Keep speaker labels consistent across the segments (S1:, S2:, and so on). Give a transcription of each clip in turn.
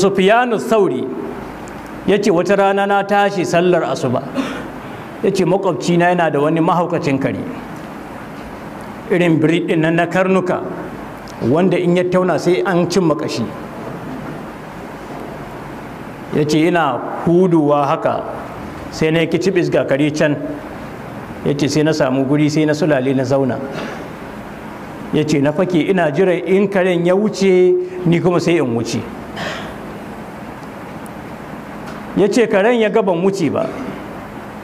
S1: sufiyanu sauri ya ce wata rana na tashi sallar asuba ya ce makwabcina yana da wani mahaukacin kare irin birnin nan na karnuka wanda in ya tauna sai an cin makashi ya ce yana huduwa haka sai na yake cibis ga kare can ya ce sai na samu guri sai na sulale na zauna ya ce na fake ina jira in karen ya wuce ni kuma sai in wuce ya ce karen ya ga ban wuce ba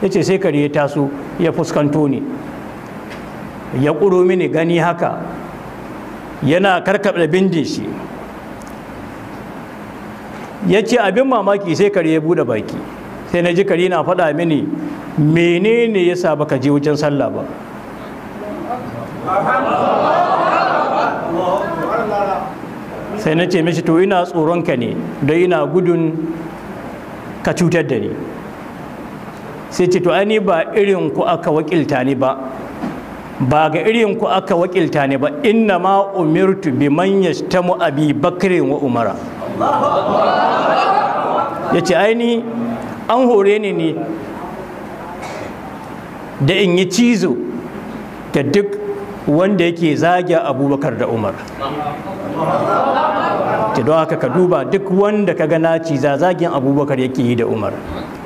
S1: ya ce sai kare ya taso ya fuskanto ni ya ƙuro mini gani haka yana karkaɓe bindin shi ya ce abin mamaki sai kare ya buɗe baki sai na ji kare na faɗa mini menene ya sa baka je wajen sallah ba
S2: sai na ce mishi to
S1: ina tsoronka ne don ina gudun ka cutar da ni sai ce to ni ba irin ku aka wakilta ni ba ba ga irin ku aka wakilta ni ba inna ma umirtu bi man yastamu abi bakrin wa umara ya ce aini an hore ni ne da in yi cizo da duk wanda yake zagi abubakar da umar don haka ka duba duk wanda ka ga naci zagin abubakar yake yi da umar